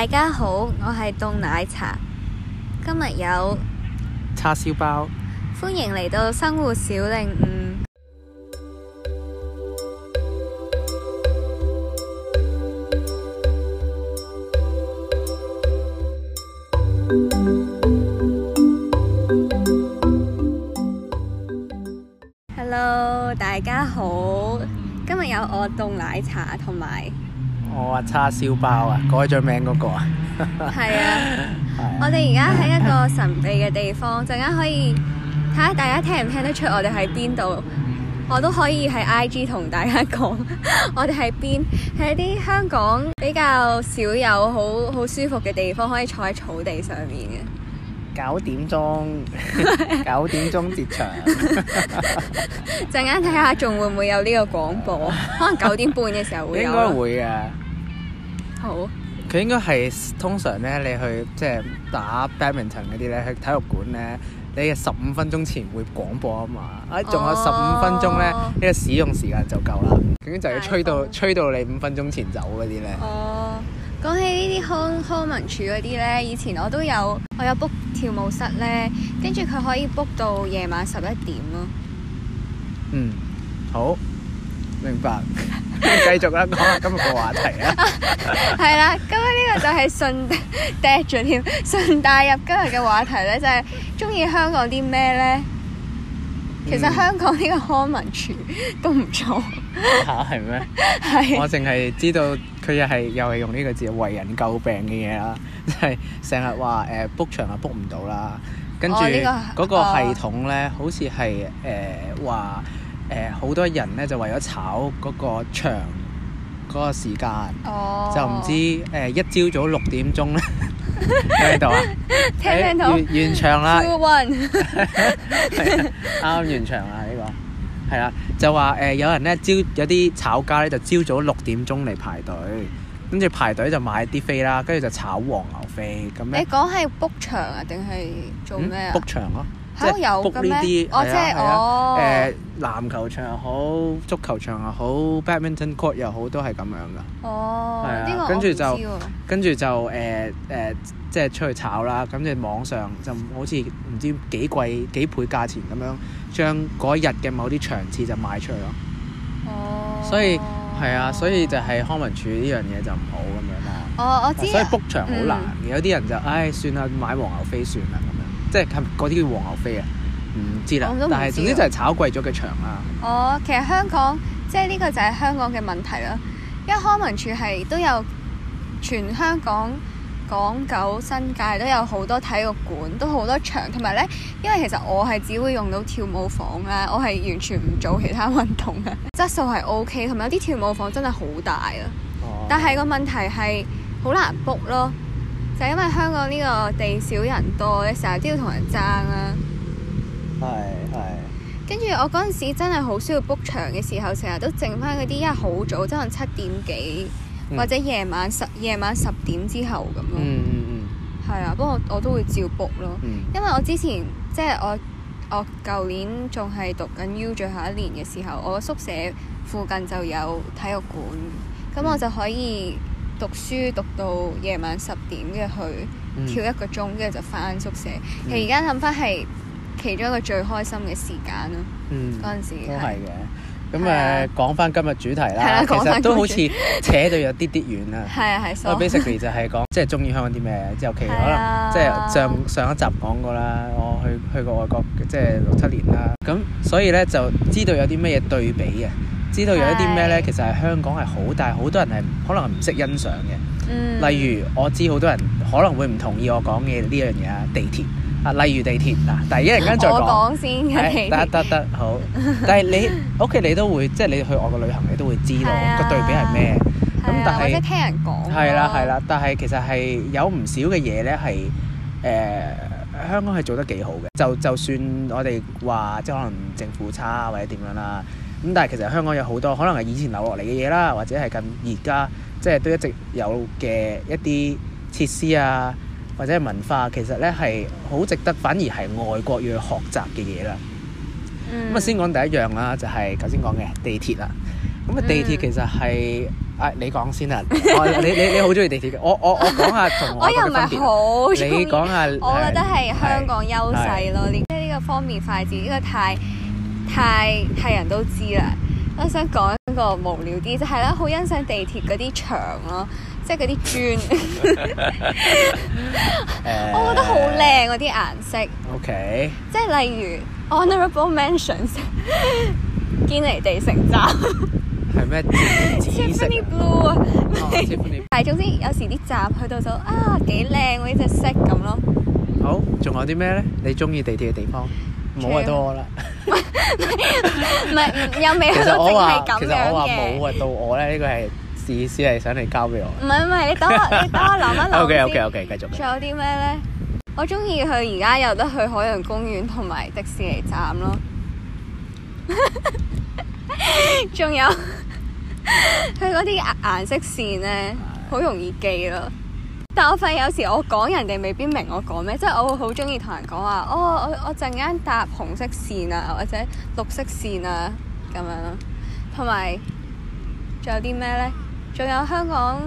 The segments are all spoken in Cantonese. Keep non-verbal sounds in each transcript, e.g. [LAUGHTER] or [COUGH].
大家好，我係凍奶茶。今日有叉燒包，歡迎嚟到生活小領悟。Hello，大家好。今日有我凍奶茶同埋。我話、哦、叉燒包啊，改咗名嗰、個 [LAUGHS] 啊！係啊，我哋而家喺一個神秘嘅地方，陣間可以睇下大家聽唔聽得出我哋喺邊度。我都可以喺 IG 同大家講， [LAUGHS] 我哋喺邊，喺啲香港比較少有好好舒服嘅地方，可以坐喺草地上面嘅。九點鐘， [LAUGHS] 九點鐘結束。陣間睇下仲會唔會有呢個廣播？ [LAUGHS] 可能九點半嘅時候會有。應該會嘅。好。佢應該係通常咧，你去即係打 Badminton 嗰啲咧，去體育館咧，你嘅十五分鐘前會廣播啊嘛。啊、oh.，仲有十五分鐘咧，呢個使用時間就夠啦。總之、oh. 就要吹到、oh. 吹到你五分鐘前走嗰啲咧。Oh. 講起呢啲康康文署嗰啲咧，以前我都有，我有 book 跳舞室咧，跟住佢可以 book 到夜晚十一點咯。嗯，mm. 好，明白。繼 [LAUGHS] 續啦，講下今日嘅話題啦。係啦，今日呢個就係順帶住添，順 [LAUGHS] 帶入今日嘅話題咧，就係中意香港啲咩咧？Mm. 其實香港呢個康文署都唔錯 [LAUGHS] [LAUGHS] 嗎。吓係咩？係 [NOISE] 我淨係知道。 [LAUGHS] [LAUGHS] 佢又係又係用呢個字為人詬病嘅嘢啦，即係成日話，誒 book 場啊 book 唔到啦，跟住個系統咧，哦哦、好似係誒話誒好多人咧就為咗炒個場個時間哦，就唔知誒、呃、一朝早六點鐘咧喺度啊， [LAUGHS] 聽唔聽到筒、欸、完，完場啦，係啱啱 [LAUGHS] [LAUGHS] 完場啦。係啦，就話誒、呃，有人咧朝有啲炒家咧，就朝早六點鐘嚟排隊，跟住排隊就買啲飛啦，跟住就炒黃牛飛咁。你講係 book 場啊，定係做咩啊？book、嗯、場咯、啊。即係有 book 呢啲，係啊，誒籃球場又好，足球場又好，badminton court 又好，都係咁樣噶。哦，係啊，跟住就，跟住就誒誒，即係出去炒啦。咁你網上就好似唔知幾貴幾倍價錢咁樣，將嗰日嘅某啲場次就賣出去咯。哦。所以係啊，所以就係康文署呢樣嘢就唔好咁樣啦。哦，我知。所以 book 場好難，有啲人就唉，算啦，買黃牛飛算啦。即係嗰啲叫黃牛飛啊，唔知啦。知但係總之就係炒貴咗嘅場啦。哦，其實香港即係呢個就係香港嘅問題啦。因為康文署係都有全香港港九新界都有好多體育館，都好多場。同埋咧，因為其實我係只會用到跳舞房咧，我係完全唔做其他運動嘅。質素係 OK，同埋有啲跳舞房真係好大啊。哦、但係個問題係好難 book 咯。就因為香港呢個地少人多，你成日都要同人爭啦、啊。係係。跟住我嗰陣時真係好需要 book 場嘅時候，成日都剩翻嗰啲因為好早，即係七點幾、嗯、或者夜晚十夜晚十點之後咁咯、嗯。嗯係啊，不、嗯、過我，我都會照 book 咯。嗯、因為我之前即係我我舊年仲係讀緊 U 最後一年嘅時候，我宿舍附近就有體育館，咁我就可以。嗯讀書讀到夜晚十點嘅去、嗯、跳一個鐘，跟住就翻宿舍。嗯、其實而家諗翻係其中一個最開心嘅時間咯。嗯，嗰陣時都係嘅。咁誒，講翻、啊、今日主題啦。係啦、啊，其實都好似扯到有啲啲遠啊。係啊係，So basically 就係講即係中意香港啲咩，尤其可、啊、可能即係像上一集講過啦。我去去過外國即係六七年啦，咁所以咧就知道有啲咩嘢對比啊。知道有一啲咩咧，其實係香港係好，但係好多人係可能唔識欣賞嘅。嗯、例如，我知好多人可能會唔同意我講嘅呢一樣嘢啊，地鐵啊，例如地鐵嗱，但、嗯、係一陣間、嗯、再講。我講先嘅地鐵。得得得好。À à à à à à à 但係你屋企、okay，你都會，即、就、係、是、你去外國旅行，你都會知道個對比係咩。咁但係。即係聽人講、嗯。係、嗯、啦係、嗯、啦，但係其實係有唔少嘅嘢咧，係誒、呃、香港係做得幾好嘅。就就算我哋話即係可能政府差或者點樣啦。那個咁但係其實香港有好多可能係以前留落嚟嘅嘢啦，或者係近而家即係都一直有嘅一啲設施啊，或者係文化，其實咧係好值得反而係外國要去學習嘅嘢啦。咁啊、嗯，先講第一樣啦，就係頭先講嘅地鐵啦。咁啊，地鐵其實係、嗯、啊，你講先啊、哦，你你你好中意地鐵嘅， [LAUGHS] 我講下我我講下同我又唔係好中意，你講下，我覺得係香港優勢咯，即係呢個方便快捷，呢個太。太係人都知啦，我想講一個無聊啲就係啦，好欣賞地鐵嗰啲牆咯，即係嗰啲磚， [LAUGHS] 我覺得好靚嗰啲顏色。OK，即係例如 Honorable Mentions，堅尼地城站係咩？Tiffany Blue 啊，係對總之有時啲站去到就啊幾靚呢隻色咁咯。好，仲有啲咩咧？你中意地鐵嘅地方？冇話多啦，唔係唔有未？去到？其實我話冇啊，到我咧呢、呢個係試試係想嚟交俾我。唔係唔係，你等我，你等我諗一諗先。O K O K O K，繼續。仲有啲咩咧？我中意佢而家有得去海洋公園同埋迪士尼站咯。仲 [LAUGHS] 有佢嗰啲顏色線咧，好 [LAUGHS] 的容易記咯。但我發覺有時我講人哋未必明我講咩，即、就、係、是、我會好中意同人講話、oh，我我我陣間搭紅色綫啊，或者綠色綫啊咁樣咯，同埋仲有啲咩咧？仲有，有香港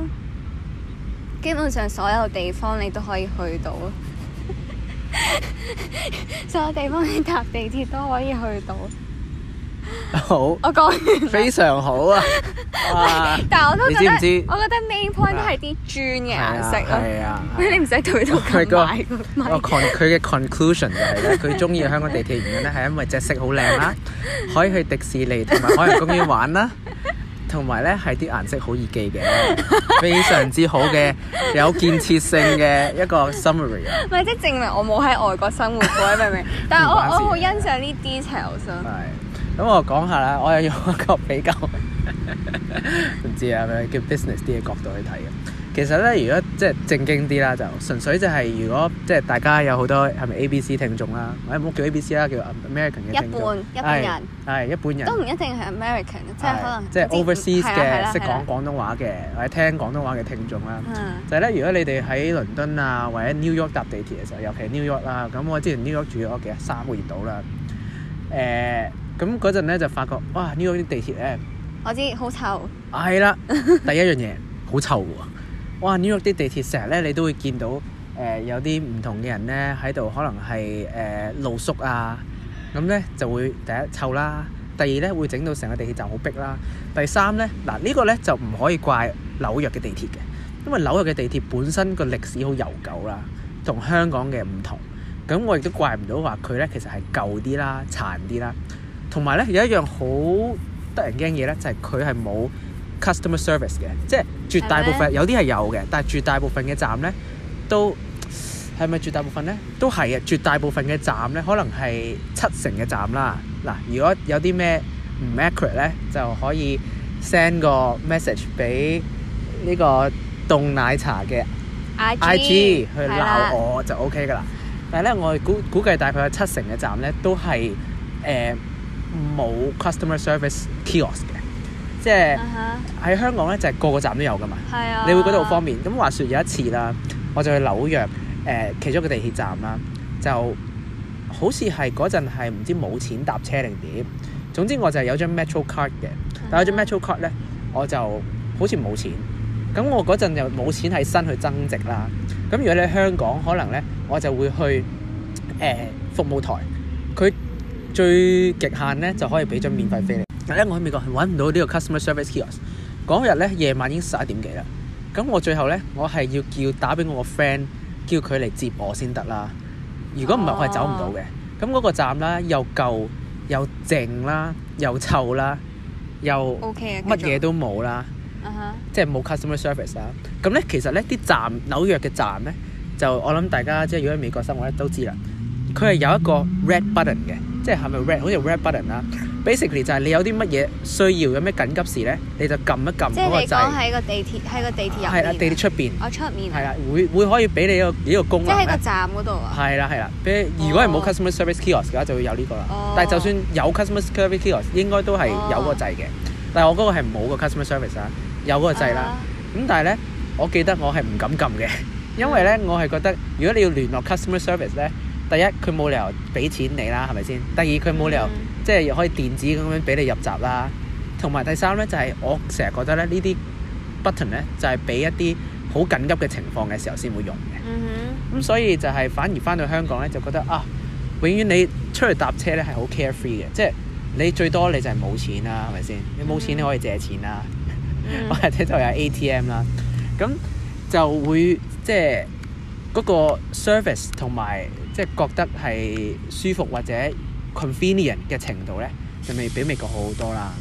基本上所有地方你都可以去到， [LAUGHS] 所有地方你搭地鐵都可以去到。好，我講完非常好啊！但係我都覺得，我覺得 main point 都係啲磚嘅顏色啊！你唔使同佢同佢嘅 conclusion 就係咧，佢中意香港地鐵原因咧係因為隻色好靚啦，可以去迪士尼同埋海洋公園玩啦，同埋咧係啲顏色好易記嘅，非常之好嘅，有建設性嘅一個 summary 啊。唔係即係證明我冇喺外國生活過，明唔明？但係我我好欣賞呢啲 detail 咁我講下啦，我又用一,一個比較唔知啊，係咪叫 business 啲嘅角度去睇嘅。其實咧，如果即係正經啲啦，就純粹就係如果即係大家有好多係咪 ABC 聽眾啦，或者唔好叫 ABC 啦，叫 American 嘅聽眾。哎、BC, 聽眾一般一般人係一般人，哎哎、一般人都唔一定係 American，即係可能、哎、即係 overseas 嘅識講廣東話嘅或者聽廣東話嘅聽眾啦。嗯、就係咧，如果你哋喺倫敦啊或者 New York 搭地鐵嘅時候，尤其係 New York 啦，咁我之前 New York 住咗幾啊三個月到啦，誒、嗯。嗯咁嗰陣咧就發覺，哇！New York 啲地鐵咧，我知好臭。係啦、啊，第一樣嘢好 [LAUGHS] 臭喎。哇！New York 啲地鐵成日咧，你都會見到誒、呃、有啲唔同嘅人咧喺度，可能係誒、呃、露宿啊。咁咧就會第一臭啦，第二咧會到整到成個地鐵站好逼啦。第三咧，嗱、這個、呢個咧就唔可以怪紐約嘅地鐵嘅，因為紐約嘅地鐵本身個歷史好悠久啦，同香港嘅唔同。咁我亦都怪唔到話佢咧，其實係舊啲啦、殘啲啦。同埋咧，有一樣好得人驚嘅嘢咧，就係、是、佢係冇 customer service 嘅，即係絕大部分嗎有啲係有嘅，但係絕大部分嘅站咧都係咪絕大部分咧？都係啊！絕大部分嘅站咧，可能係七成嘅站啦。嗱，如果有啲咩唔 accurate 咧，就可以 send 個 message 俾呢個凍奶茶嘅 IG 去鬧我就 OK 噶啦。的但係咧，我估估計大概有七成嘅站咧都係誒。呃冇 customer service kiosk 嘅，即係喺、uh huh. 香港咧就係、是、個個站都有噶嘛，uh huh. 你會覺得好方便。咁話說有一次啦，我就去紐約誒、呃、其中一個地鐵站啦，就好似係嗰陣係唔知冇錢搭車定點，總之我就係有張 metro card 嘅，但有張 metro card 咧、uh huh. 我就好似冇錢，咁我嗰陣就冇錢喺身去增值啦。咁如果你喺香港可能咧，我就會去誒、呃、服務台佢。最極限咧，就可以俾張免費飛你。嗯、但咧，我喺美國係揾唔到個 k k 呢個 customer service kiosk。嗰日咧，夜晚已經十一點幾啦。咁我最後咧，我係要叫打俾我個 friend，叫佢嚟接我先得啦。如果唔係，我係、啊、走唔到嘅。咁嗰個站啦，又舊又靜啦，又臭啦，又 okay, 啦，又乜嘢都冇啦，即係冇 customer service 啦。咁咧，其實咧，啲站紐約嘅站咧，就我諗大家即係如果喺美國生活咧都知啦。佢係有一個 red button 嘅。即係係咪 red 好似 red button 啦 [LAUGHS] ？Basically 就係你有啲乜嘢需要，有咩緊急事咧，你就撳一撳嗰個掣。即係你講喺個地鐵，喺個地鐵入面、啊。係啦、啊，地鐵出邊。出面。係啦、oh, 啊啊，會會可以俾你一個一個功能。即係喺個站度啊。係啦係啦，如果係冇 customer service kiosk 嘅話，就會有呢個啦。Oh. 但係就算有 customer service kiosk，應該都係有個掣嘅。Oh. 但係我嗰個係冇個 customer service 個啦，有嗰個掣啦。咁但係咧，我記得我係唔敢撳嘅，因為咧我係覺得如果你要聯絡 customer service 咧。第一，佢冇理由俾錢你啦，係咪先？第二，佢冇理由、mm hmm. 即係可以電子咁樣俾你入閘啦。同埋第三咧，就係、是、我成日覺得咧，呢啲 button 咧就係俾一啲好緊急嘅情況嘅時候先會用嘅。咁、mm hmm. 嗯、所以就係反而返到香港咧，就覺得啊，永遠你出去搭車咧係好 carefree 嘅，即係你最多你就係冇錢啦，係咪先？Mm hmm. 你冇錢你可以借錢啦，mm hmm. 或者就係 ATM 啦，咁就會即係嗰、那個 service 同埋。即係覺得係舒服或者 convenient 嘅程度咧，就未比美國好好多啦。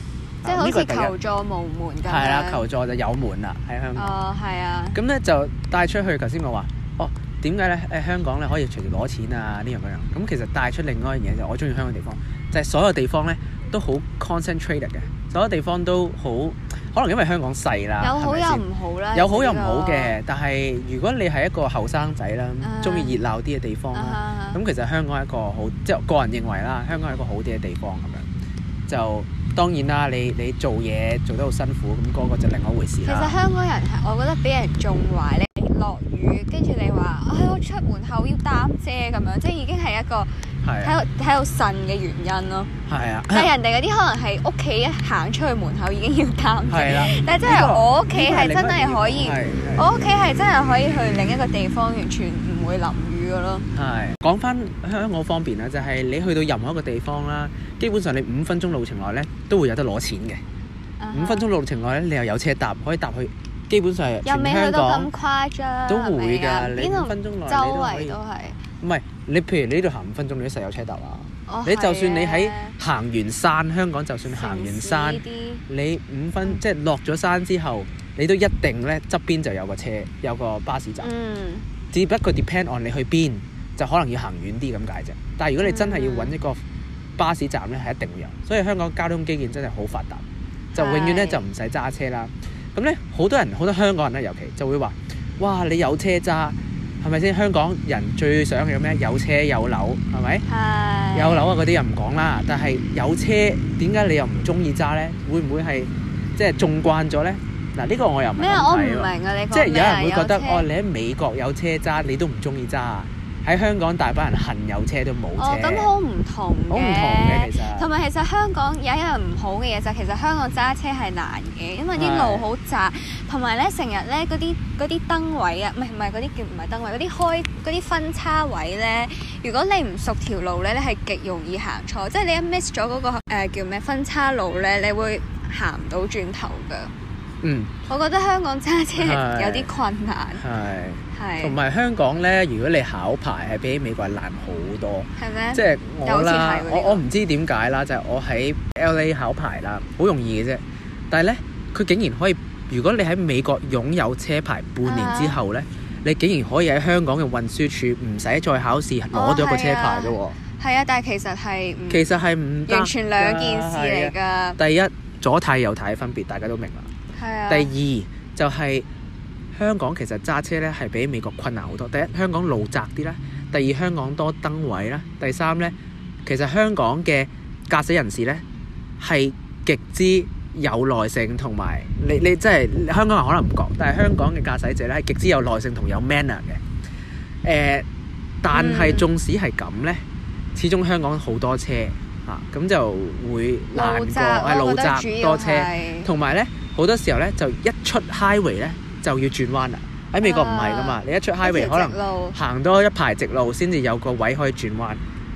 即係好似求助無門咁樣。係啊，求助就有門啦，喺香港。哦，係啊。咁咧就帶出去，頭先我話，哦，點解咧？誒，香港咧可以隨時攞錢啊，呢樣嗰樣。咁、嗯、其實帶出另外一樣嘢就係，我中意香港地方，就係、係、所有地方咧都好 concentrated 嘅，所有地方都好。可能因為香港細啦，係咪先有好有唔好咧？有好有唔好嘅，但係如果你係一個後生仔啦，中意熱鬧啲嘅地方啦，咁其實香港係一個好即係個人認為啦，香港係一個好啲嘅地方咁樣。就當然啦，你你做嘢做得好辛苦，咁嗰個就另外一回事啦。其實香港人係我覺得俾人縱壞，你落雨跟住你話啊，我出門口要擔遮咁樣，即係已經係一個。喺度喺度呻嘅原因咯，啊、但係人哋嗰啲可能喺屋企行出去門口已經要擔，啊、但係真係我屋企係真係可以，我屋企係真係可以去另一個地方完全唔會淋雨嘅咯。係、啊、講返香港方便啦，就係、是、你去到任何一個地方啦，基本上你五分鐘路程內咧都會有得攞錢嘅。五分鐘路程內咧，你又有車搭，可以搭去基本上全香港都會㗎，又未去到咁誇張，是是你五分鐘內你都可以，周圍都係唔係？你譬如你呢度行五分鐘，你都實有車搭啊！Oh、你就算你喺行完山，的香港就算行完山，你五分、嗯、即係落咗山之後，你都一定咧側邊就有個車，有個巴士站。嗯、只不過 depend on 你去邊，就可能要行遠啲咁解啫。但係如果你真係要揾一個巴士站咧，係、嗯、一定會有。所以香港交通基建真係好發達，就永遠咧就唔使揸車啦。咁咧是，好多人好多香港人咧，尤其、尤其就會話：哇！你有車揸。係咪先？香港人最想有咩？有車有樓，係咪？係是。有樓啊嗰啲又唔講啦，但係有車點解你又唔中意揸咧？會唔會係即係縱慣咗咧？嗱，呢個我又唔麼明。咩？我唔明啊！你即係是麼有人會覺得，車哦，你喺美國有車揸，你都唔中意揸啊？喺香港大把人恨有車都冇車。哦，咁好唔同好唔同嘅其實同。同埋其實香港有一樣唔好嘅嘢就係、是、其實香港揸車係難嘅，因為啲路好窄。同埋咧，成日咧嗰啲嗰啲燈位啊，唔係唔係嗰啲叫唔係燈位，嗰啲開嗰啲分叉位咧。如果你唔熟條路咧，你係極容易行錯，即係你一 miss 咗嗰個、呃、叫咩分叉路咧，你會行唔到轉頭㗎。嗯，我覺得香港揸車有啲困難，係係同埋香港咧。如果你考牌係比美國難好多，係咩？即係我，我啦，呢個我我唔知點解啦，就係、係、我喺 LA 考牌啦，好容易嘅啫。但係咧，佢竟然可以。如果你喺美國擁有車牌半年之後呢，啊、你竟然可以喺香港嘅運輸署唔使再考試攞咗、哦、一個車牌啫喎。係啊，啊，但係其實係唔其實係唔完全兩件事嚟㗎。啊啊、第一，左軚右軚嘅分別，大家都明啦。係啊。第二就係、係、香港其實揸車呢係比美國困難好多。第一，香港路窄啲啦，第二，香港多燈位啦，第三呢，其實香港嘅駕駛人士呢係極之。有耐性同埋，你你即係香港人可能唔覺，但係香港嘅駕駛者咧極之有耐性同有 manner 嘅。誒、呃，但係縱使係咁呢，嗯、始終香港好多車啊，咁就會難過係路窄纏、哎、多車，同埋呢，好多時候呢，就一出 highway 呢，就要轉彎啦。喺美國唔係㗎嘛，啊、你一出 highway 可能行多一排直路先至有個位可以轉彎。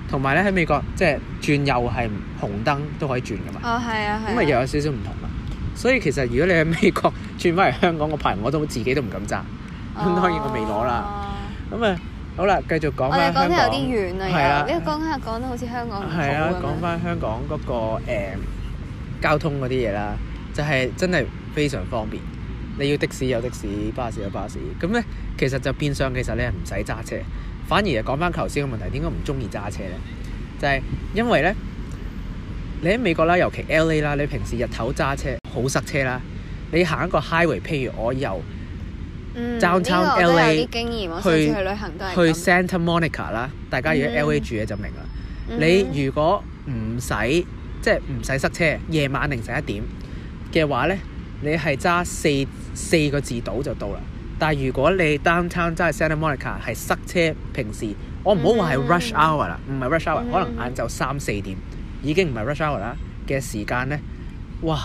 同埋咧喺美國，即係轉右係紅燈都可以轉噶嘛。哦，係啊，係啊。咁啊又有少少唔同啦。所以其實如果你喺美國轉翻嚟香港個牌，我都自己都唔敢揸。哦。當然我未攞啦。咁啊，好啦，繼續講啦。我哋講得有啲遠啊，又啊。係啦。因為講下講得好似香港咁。係啊，講翻香港嗰個，嗯，交通嗰啲嘢啦，就係真係非常方便。你要的士有的士，巴士有巴士。咁咧，其實就變相其實咧唔使揸車。反而又講翻頭先嘅問題，點解唔中意揸車呢？就係、是、因為呢，你喺美國啦，尤其 LA 啦，你平時日頭揸車好塞車啦。你行一個 highway，譬如我由 downtown、嗯這個、LA 去 Santa Monica 啦，大家如果 LA 住嘅就明啦。嗯、你如果唔使即係唔使塞車，夜晚凌晨一點嘅話呢，你係揸四四個字度就到啦。但係如果你 Downtown 真係 Santa Monica 係塞車，平時我唔好話係 rush hour 啦，唔係 rush hour，、mm hmm. 可能晏晝三四點已經唔係 rush hour 啦嘅時間咧，哇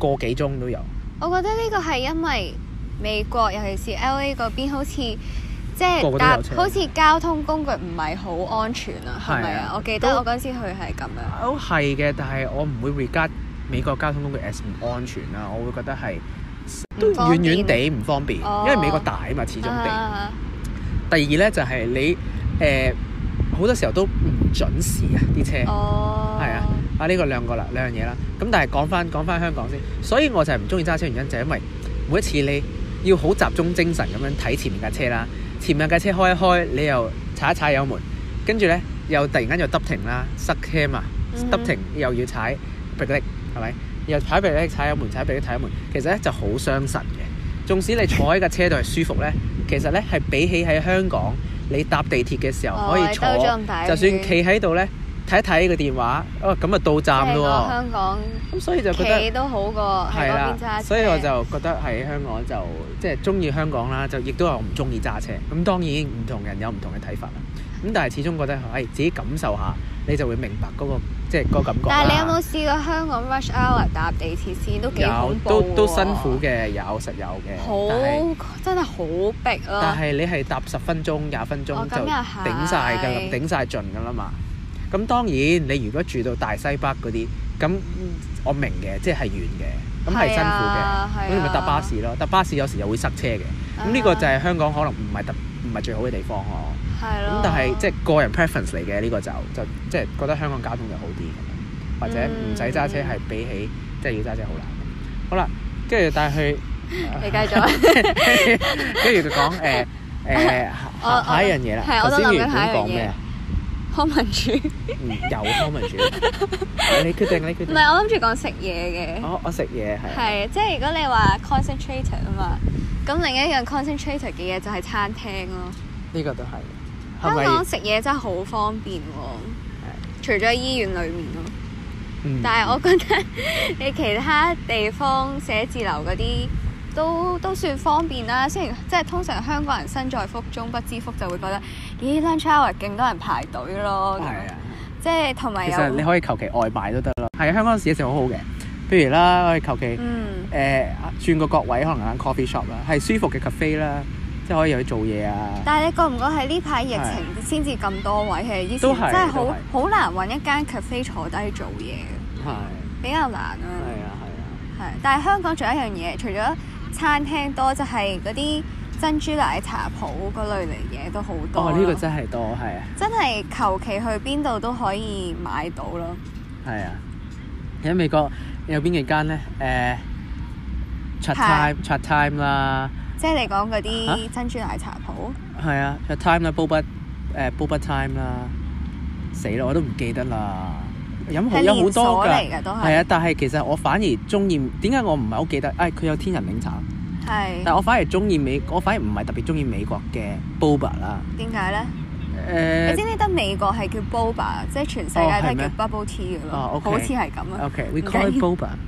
個幾鐘都有。我覺得呢個係因為美國尤其是 LA 嗰邊好似即係搭，好似交通工具唔係好安全啊，係咪啊？我記得我嗰次去係咁樣。都係嘅，但係我唔會 regard 美國交通工具 as 唔安全啊。我會覺得係。都遠遠地唔方便，哦、因為美國大啊嘛，始終。啊啊啊、第二呢，就係、是、你誒好、呃、多時候都唔準時啊啲車，係、哦、啊啊呢、呢個兩個啦，兩樣嘢啦。咁但係講翻講翻香港先，所以我就係唔中意揸車原因就係、是、因為每一次你要好集中精神咁樣睇前面架車啦，前面架車開一開，你又踩一踩油門，跟住呢又突然間又剎停啦，塞車啊，剎停，停又要踩逼力，係咪、嗯哼？停停又踩鼻咧踩一門，踩鼻咧睇一門，其實咧就好傷神嘅。縱使你坐喺架車度係舒服咧，其實咧係比起喺香港你搭地鐵嘅時候可以坐，哦、就算企喺度咧睇一睇個電話，哦咁啊到站咯喎。香港咁、嗯、所以就覺得都好過喺嗰邊揸車。係啦、啊，所以我就覺得喺香港就即係中意香港啦，就亦都有唔中意揸車。咁當然唔同人有唔同嘅睇法啦。咁但係始終覺得誒、哎、自己感受下。你就會明白嗰、嗰個即係嗰個感覺。但係你有冇試過香港 rush hour、嗯、搭地鐵線都幾恐怖啊！有都都辛苦嘅，有實有嘅。好是真係好逼啊！但係你係搭十分鐘、廿分鐘、哦、就頂曬㗎，是頂晒盡㗎啦嘛。咁當然你如果住到大西北嗰啲，咁、嗯、我明嘅，即係係遠嘅，咁係辛苦嘅，咁、啊啊、你咪搭巴士咯。搭巴士有時又會塞車嘅，咁呢、啊、個就係香港可能唔係特唔係最好嘅地方哦。咁但係即係個人 preference 嚟嘅，呢個就就即係覺得香港交通就好啲咁樣，或者唔使揸車係比起即係要揸車好難。好啦，跟住帶去，你繼續，跟住就講誒誒下一樣嘢啦。係是，剛才 我都諗緊下一樣嘢。頭先講咩啊？康文署，嗯，有康文署，你決定你決定。唔係我諗住講食嘢嘅。我食嘢係。係、oh, 即係如果你話 concentrated 啊嘛，咁另一樣 concentrated 嘅嘢就係餐廳咯。呢個都係。是是香港食嘢真係好方便喎。哦，是的 除咗醫院裏面咯，嗯、但係我覺得 [LAUGHS] 你其他地方寫字樓嗰啲都都算方便啦。雖然即係通常香港人身在福中不知福，就會覺得咦 lunch hour 勁多人排隊咯，即係同埋其實你可以求其外賣都得咯，嗯。係啊，香港食嘢食好好嘅，譬如啦，我哋求其誒轉個角位可能間 coffee shop 啦，係舒服嘅 cafe 啦。即可以去做嘢啊！但係你覺唔覺喺呢排疫情先至咁多位？係以前是真係好好難揾一間 cafe 坐低做嘢嘅，是比較難啦。係啊係啊，係、啊啊！但係香港仲有一樣嘢，除咗餐廳多，就係嗰啲珍珠奶茶鋪嗰類嚟嘢都好多。哦，呢、這個真係多係啊！真係求其去邊度都可以買到咯。係啊！喺美國有邊幾間咧？誒 Chatime Chatime 啦。是即係你講嗰啲珍珠奶茶鋪，係啊，啊有，time 啦，Boba 誒，Boba time 啦，死啦，我都唔記得啦，飲好多噶，係啊，但係其實我反而中意，點解我唔係好記得？誒、哎，佢有天仁茗茶，係是，但係我反而中意美，我反而唔係特別中意美國嘅 boba 啦。點解咧？誒、呃，你知唔知得美國係叫 boba，即係全世界都叫 bubble tea 嘅咯、哦，哦 okay。好似係咁啊。okay, we call it boba [LAUGHS]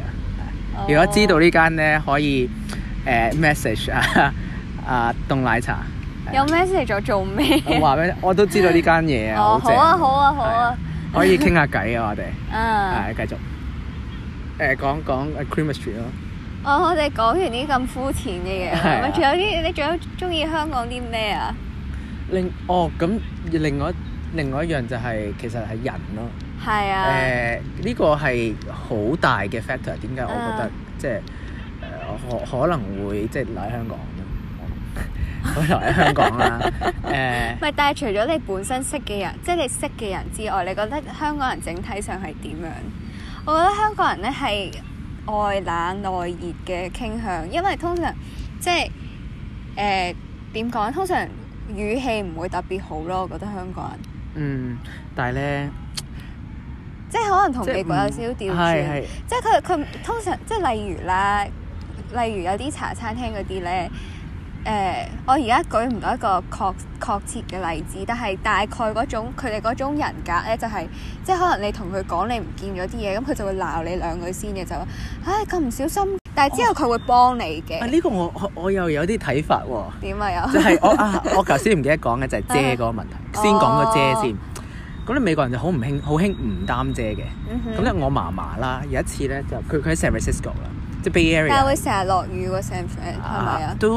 如果知道間呢間咧，可以誒、呃、message 啊啊凍奶茶，有 message 咗做咩？ [LAUGHS] 我話咩？我都知道呢間嘢啊， [LAUGHS] 好正！好啊，好啊，好啊，可以傾下偈啊！我哋係 [LAUGHS] 繼續誒、呃、講講 Christmas [LAUGHS] tree 咯。哦，我哋講完啲咁膚淺嘅嘢，係咪？仲有啲你仲有中意香港啲咩啊？另哦咁另外另外一樣就係、是、其實係人咯、啊。係啊！誒、呃，呢、這個係好大嘅 factor。點解我覺得、啊、即係誒、呃、可可能會即係嚟香港咁？我嚟 [LAUGHS] 香港啦，誒咪。但係除咗你本身識嘅人， [LAUGHS] 即係你識嘅人之外，你覺得香港人整體上係點樣？我覺得香港人咧係外冷內熱嘅傾向，因為通常即係誒點講，通常語氣唔會特別好咯。我覺得香港人嗯，但係咧。即係可能同美國有少少調轉，即係佢佢通常即係例如啦，例如有啲茶餐廳嗰啲咧，誒、呃，我而家舉唔到一個確確切嘅例子，但係大概嗰種佢哋嗰種人格咧，就係、是、即係可能你同佢講你唔見咗啲嘢，咁佢就會鬧你兩句先嘅就，唉咁唔小心，但係之後佢會幫你嘅。呢、哦啊呢個我我，我又有啲睇法喎、哦。點啊又？就係我啊，我頭先唔記得講嘅就係遮嗰個問題，啊、先講個遮先。哦。咁咧美國人就好唔興，好興唔擔遮嘅。咁咧我嫲嫲啦，有一次咧，佢佢喺 San Francisco 啦，即係 Bay Area sad。但係會成日落雨個 San Francisco 咪啊？都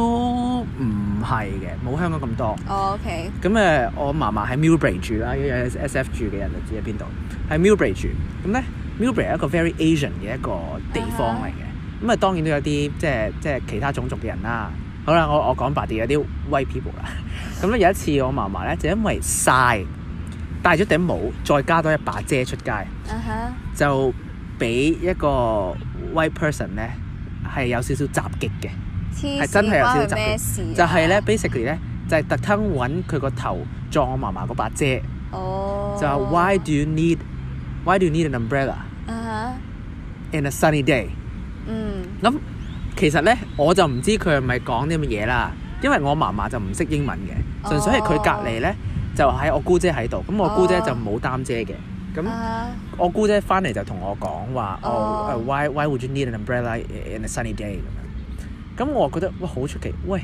唔係嘅，冇香港咁多。哦、oh，OK。咁誒，我嫲嫲喺 Millbrae 住啦，有有 SF 住嘅人就知喺邊度，喺 Millbrae 住。咁咧 Millbrae 係一個 very Asian 嘅一個地方嚟嘅。咁啊、uh huh. 嗯、當然都有啲即係即係其他種族嘅人啦。好啦，我我講白啲，有啲 White people 啦。咁 [LAUGHS] 咧有一次我嫲嫲咧就因為曬，戴咗頂帽，再加多一把遮出街，就俾一個 white person 咧係有少少襲擊嘅，係真係有少少襲擊。就係咧 basically 咧就係特登揾佢個頭撞我嫲嫲嗰把遮，就話 why do you need why do you need an umbrella in a sunny day？咁其實咧我就唔知佢係咪講啲乜嘢啦，因為我嫲嫲就唔識英文嘅，純粹係佢隔離咧。就喺我姑姐喺度，咁我姑姐就冇擔遮嘅。咁我姑姐翻嚟就同我講話：哦、uh, oh, why why would you need an umbrella in a sunny day？咁我覺得哇，好出奇，喂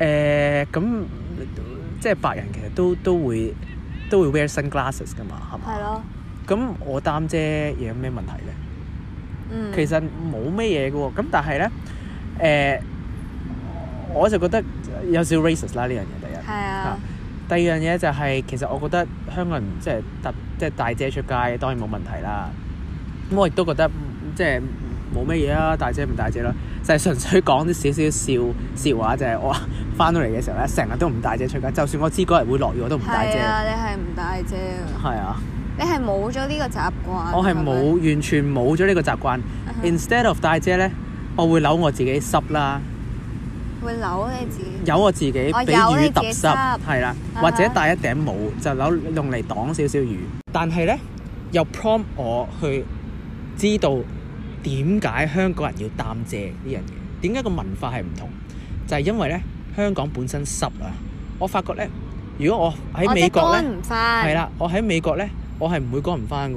誒咁、呃、即係白人其實都都會都會 wear sunglasses 㗎嘛，係咪的？係咯、嗯。咁我擔遮有咩問題咧？其實冇咩嘢嘅喎。咁但係咧誒，我就覺得有少少 racist 啦呢樣嘢第一。係啊。第二樣嘢就係，其實我覺得香港人即係搭即係戴遮出街，當然冇問題啦。咁我亦都覺得即係冇乜嘢啦，戴遮唔戴遮咯，就係純粹講啲少少笑笑話，就係我翻到嚟嘅時候咧，成日都唔戴遮出街。就算我知嗰日會落雨，我都唔戴遮。你係唔戴遮？係啊。你係冇咗呢個習慣。我係冇係咩？完全冇咗呢個習慣。Uh huh. Instead of 戴遮咧，我會扭我自己濕啦。會扭你自己有我自己俾雨揼濕係啦，或者帶一頂帽就扭，用嚟擋少少雨。但係呢，又 prompt 我去知道點解香港人要擔遮呢樣嘢，點解個文化係唔同？就係因為呢，香港本身濕啊！我發覺呢，如果我喺美國呢係啦，我喺美國呢，我係唔會乾唔翻㗎。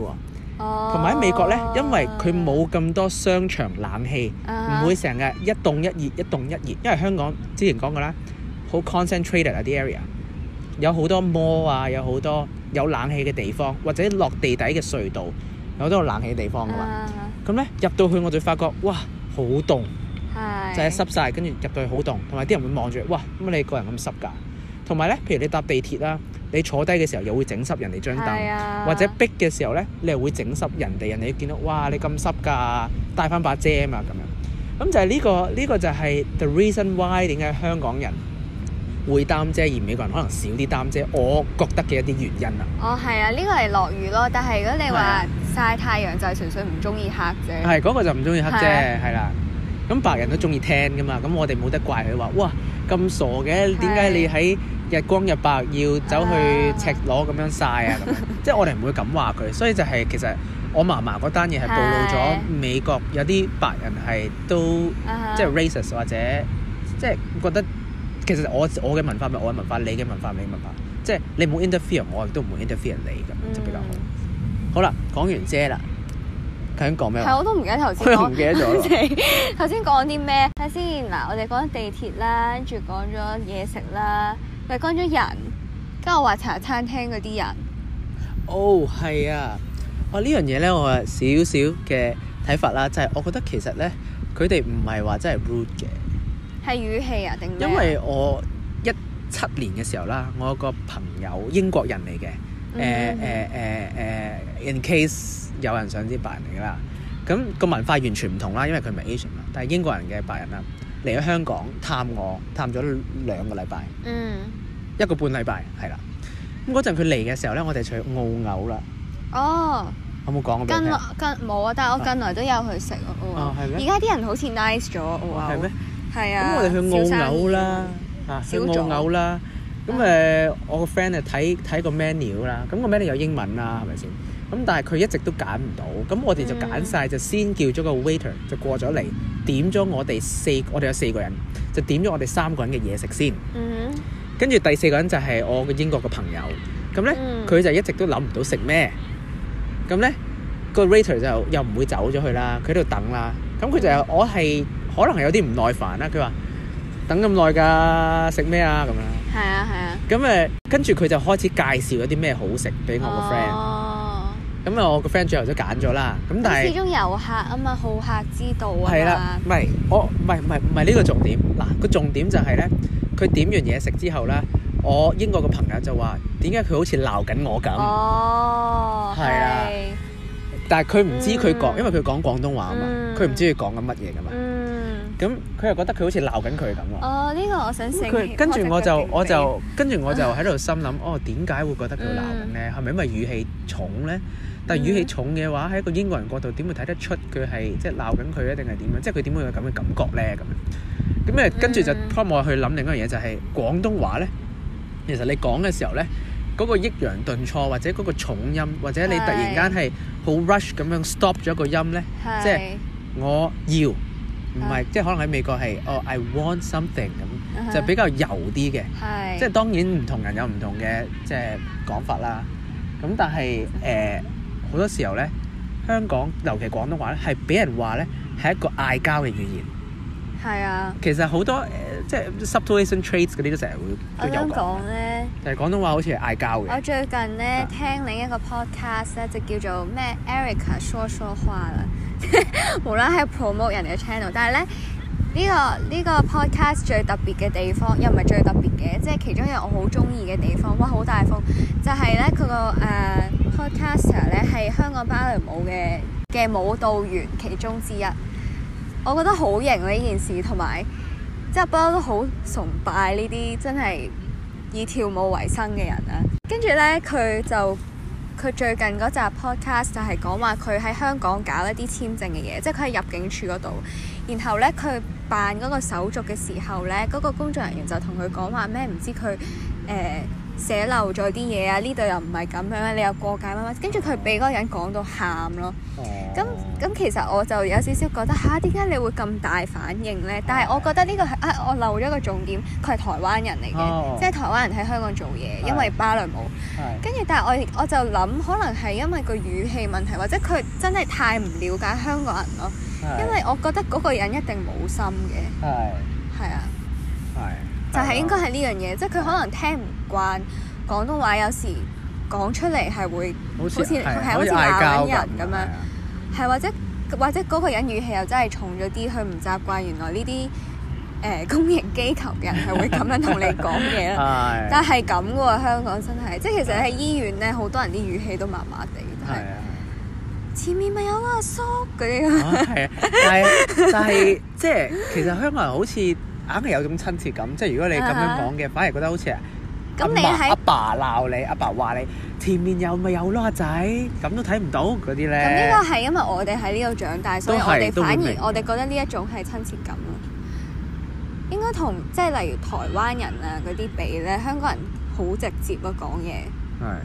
同埋喺美國咧，因為佢冇咁多商場冷氣，唔、uh huh. 會成日一凍一熱一凍一熱。因為香港之前講過啦，好 concentrated 嗰啲 area，有好多 mall 啊，有好多有冷氣嘅地方，或者落地底嘅隧道，有好多有冷氣地方㗎嘛。咁咧、uh huh. 入到去我就發覺，哇，好凍，uh huh. 就係濕晒。跟住入到去好凍，同埋啲人會望住，哇，咁你個人咁濕㗎？同埋咧，譬如你搭地鐵啦。你坐低嘅時候又會整濕人哋張凳，啊、或者逼嘅時候咧，你又會整濕人哋。人哋見到哇，你咁濕㗎？帶翻把遮啊嘛咁樣。咁就係呢、呢個，呢、呢個就係 the reason why 點解香港人會擔遮，而美國人可能少啲擔遮。我覺得嘅一啲原因、哦、啊。哦，係啊，呢個係落雨咯。但係如果你話曬太陽就係純粹唔中意黑啫。係嗰、啊嗰個就唔中意黑啫。係啦、啊。咁、啊、白人都中意聽㗎嘛。咁我哋冇得怪佢話哇咁傻嘅，點解你喺、啊？日光日白要走去赤裸咁樣曬啊！ [LAUGHS] 即係我哋唔會咁話佢，所以就係其實我嫲嫲嗰單嘢係暴露咗美國有啲白人係都即係 [LAUGHS] racist 或者即係覺得其實我我嘅文化咪我嘅文化，你嘅文化咪你文化，即係你冇 interfere，我亦都唔會 interfere 你咁就比較好。 [LAUGHS] 嗯、好啦，講完啫啦，頭先講咩我都唔記得，頭先唔記得咗啦。頭先講啲咩睇先嗱？我哋講地鐵啦，跟住講咗嘢食啦。咪講咗人，跟我話茶餐廳嗰啲人、oh, 啊。哦，係啊，哇呢樣嘢咧，我有少少嘅睇法啦，就係我覺得其實咧，佢哋唔係話真係 rude 嘅。係語氣啊？定因為我一七年嘅時候啦，我有一個朋友英國人嚟嘅，誒誒誒誒，in case 有人想知白人嚟噶啦，咁個文化完全唔同啦，因為佢唔係 Asian 啦，但係英國人嘅白人啦、啊。嚟咗香港探我，探咗兩個禮拜，嗯、一個半禮拜，係啦。咁嗰陣佢嚟嘅時候咧，我哋除去澳牛啦。哦，我冇講？近近冇啊，但係我近來都有去食啊。而家啲人好似 nice 咗。哦，係咩、哦？係啊。咁我哋去澳牛啦，小啊，了去澳牛啦。咁誒、嗯呃，我 friend 個 friend 係睇睇個 menu 啦。咁個 menu 有英文啊，係咪先？咁、嗯、但係佢一直都揀唔到，咁我哋就揀晒，嗯、就先叫咗個 waiter 就過咗嚟點咗我哋四，我哋有四個人，就點咗我哋三個人嘅嘢食先，跟住、嗯、第四個人就係我個英國個朋友咁呢，佢、嗯、就一直都諗唔到食咩咁呢，個 waiter 就又唔會走咗去啦，佢喺度等啦。咁佢就、嗯、我係可能有啲唔耐煩啦，佢話等咁耐㗎，食咩啊？咁樣係啊，係啊。咁誒跟住佢就開始介紹一啲咩好食俾我個 friend。哦咁啊，我個 friend 最後都揀咗啦。咁但係始終遊客啊嘛，好客之道啊。係啦，唔係我唔係唔係唔係呢個重點。嗱，個重點就係咧，佢點完嘢食之後咧，我英國個朋友就話：點解佢好似鬧緊我咁？哦，係啊。但係佢唔知佢講，因為佢講廣東話啊嘛，佢唔知佢講緊乜嘢㗎嘛。嗯。咁佢又覺得佢好似鬧緊佢咁喎。哦，呢個我想試。佢跟住我就我就跟住我就喺度心諗：哦，點解會覺得佢鬧緊咧？係咪因為語氣重咧？但係語氣重嘅話，喺一個英國人角度，點會睇得出佢係即係鬧緊佢啊，定係點樣？即係佢點會有咁嘅感覺咧？咁樣咁誒，跟住就 prompt 我去諗另外一樣嘢，就係廣東話咧。其實你講嘅時候咧，嗰個抑揚頓挫，或者嗰個重音，或者你突然間係好 rush 咁樣 stop 咗個音咧，即係我要，唔係即係可能喺美國係哦，I want something 咁，就比較柔啲嘅，即係當然唔同人有唔同嘅即係講法啦。咁但係誒。好多時候咧，香港尤其廣東話咧，係俾人話咧係一個嗌交嘅語言。係啊。其實好多、呃、即係 subtlety and trades 嗰啲都成日會都有講咧。呢但係廣東話好似係嗌交嘅。我最近咧、嗯、聽另一個 podcast 咧，就叫做咩 Erica 嘅說說話啦， [LAUGHS] 無啦啦 promote 人哋嘅 channel。但係咧呢、呢個呢、呢個 podcast 最特別嘅地方，又唔係最特別嘅，即係其中一個我好中意嘅地方，哇，好大風，就係咧佢個誒。Podcaster 咧係香港芭蕾舞嘅嘅舞蹈員其中之一，我覺得好型喎呢件事，同埋即係不嬲都好崇拜呢啲真係以跳舞為生嘅人啦。跟住咧，佢就佢最近嗰集 podcast 就係講話佢喺香港搞一啲簽證嘅嘢，即係佢喺入境處嗰度，然後咧佢辦嗰個手續嘅時候咧，嗰、嗰個工作人員就同佢講話咩唔知佢誒。呃寫漏咗啲嘢啊！呢度又唔係咁樣、啊，你又過界乜乜、啊，跟住佢俾嗰個人講到喊咯。咁咁、啊、其實我就有少少覺得吓，點、啊、解你會咁大反應咧？但係我覺得呢個係的啊，我漏咗個重點，佢係台灣人嚟嘅，哦、即係台灣人喺香港做嘢，的因為芭蕾舞。跟住的，但係我我就諗，可能係因為個語氣問題，或者佢真係太唔了解香港人咯。的因為我覺得嗰個人一定冇心嘅，係啊的。就係應該係呢樣嘢，即係佢可能聽唔慣廣東話，有時講出嚟係會好似係好似鬧緊人咁樣，係或者或者嗰個人語氣又真係重咗啲，佢唔習慣原來呢啲誒公營機構嘅人係會咁樣同你講嘢，但係咁喎，香港真係，即係其實喺醫院咧，好多人啲語氣都麻麻地，係前面咪有阿叔嗰啲，係，但係即係其實香港人好似。硬係有種親切感，即係如果你咁樣講嘅，uh huh. 反而覺得好似啊，你阿爸鬧你，阿爸話你，前面有咪有咯、啊，阿仔，咁都睇唔到嗰啲咧。咁應該係因為我哋喺呢度長大，所以我哋反而我哋覺得呢一種係親切感咯。應該同即係例如台灣人啊嗰啲比咧，香港人好直接啊講嘢。係。是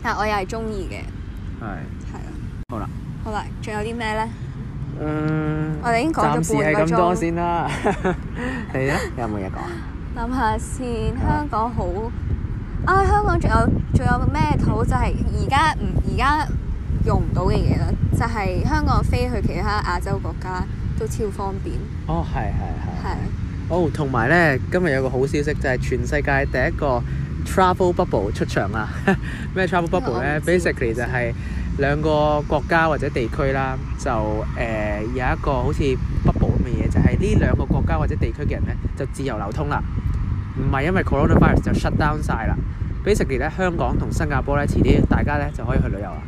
但我又係中意嘅。係。係啊。好啦。好啦，仲有啲咩咧？嗯，我哋已經講咗半個鐘，暫時係咁多先啦。 [LAUGHS] 你咧，有冇嘢講？諗下先，香港好啊！香港仲有仲有咩土？就係而家唔而家用唔到嘅嘢啦。就係、是、香港飛去其他亞洲國家都超方便。哦，係係係。係是。哦，同埋咧，今日有個好消息就係、是、全世界第一個 travel bubble 出場啦。咩 [LAUGHS] travel bubble 咧？basically 就係、是。兩個國家或者地區啦，就誒、呃、有一個好似 bubble 咁嘅嘢，就係呢兩個國家或者地區嘅人咧，就自由流通啦。唔係因為 coronavirus 就 shut down 晒啦。basically 咧，香港同新加坡咧，遲啲大家咧就可以去旅遊啦。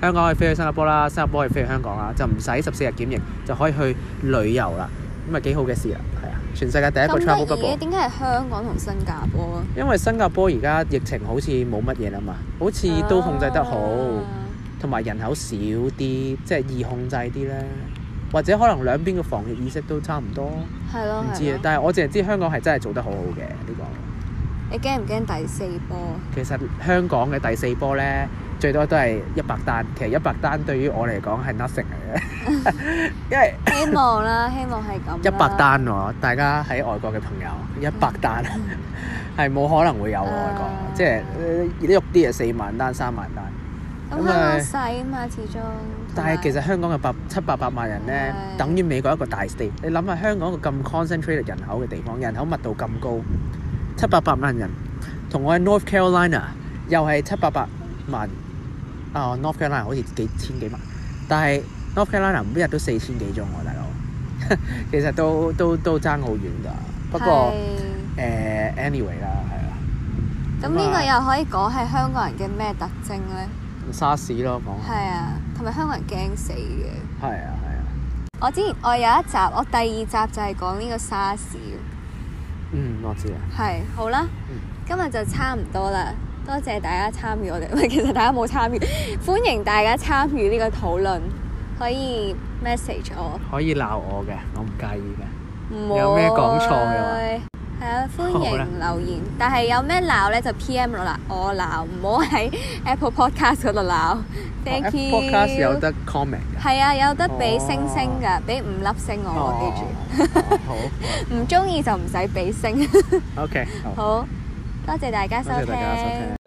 香港可以飛去新加坡啦，新加坡可以飛去香港啦，就唔使十四日檢疫，就可以去旅遊啦。咁咪幾好嘅事啦，啊，係啊，全世界第一個 travel bubble。點解係香港同新加坡？因為新加坡而家疫情好似冇乜嘢啦嘛，好似都控制得好。Uh 同埋人口少啲，即係易控制啲咧，或者可能兩邊嘅防疫意識都差唔多。係咯的，唔知啊。的但係我淨係知香港係真係做得好好嘅呢個。你驚唔驚第四波？其實香港嘅第四波咧，最多都係一百單。其實一百單對於我嚟講係 nothing 嚟嘅， [LAUGHS] 因為 [LAUGHS] 希望啦，希望係咁。一百單喎，大家喺外國嘅朋友，一百單係冇 [LAUGHS] 可能會有外國、uh、即係喐啲就四萬單、三萬單。咁啊細啊嘛，嗯、始終。但係其實香港嘅百七八百萬人咧，的等於美國一個大 state。你諗下，香港一個咁 concentrated 人口嘅地方，人口密度咁高，七八百萬人，同我喺 North Carolina 又係七八百萬啊。嗯哦、North Carolina 好似幾千幾萬，但係 North Carolina 每日都四千幾宗喎，大佬。 [LAUGHS] 其實都都都爭好遠㗎，遠的不過誒、呃、anyway 啦，係、嗯、啦。咁呢個又可以講係香港人嘅咩特徵咧？沙士 r s 咯，講係啊，同埋香港人驚死嘅。係啊，係啊。我之前我有一集，我第二集就係講呢個沙士。嗯，我知啊。係好啦，嗯、今日就差唔多啦。多謝大家參與我哋。喂，其實大家冇參與， [LAUGHS] 歡迎大家參與呢個討論。可以 message 我，可以鬧我嘅，我唔介意嘅。是有咩講錯嘅。係啊，歡迎留言。但係有咩鬧咧就 P.M. 落啦，我鬧，唔好喺 Apple Podcast 度鬧。Thank you。Apple Podcast 有得 comment 嘅。係啊，有得俾星星噶俾五粒星我我記住。好。唔中意就唔使俾星。OK 好。多謝大家收聽。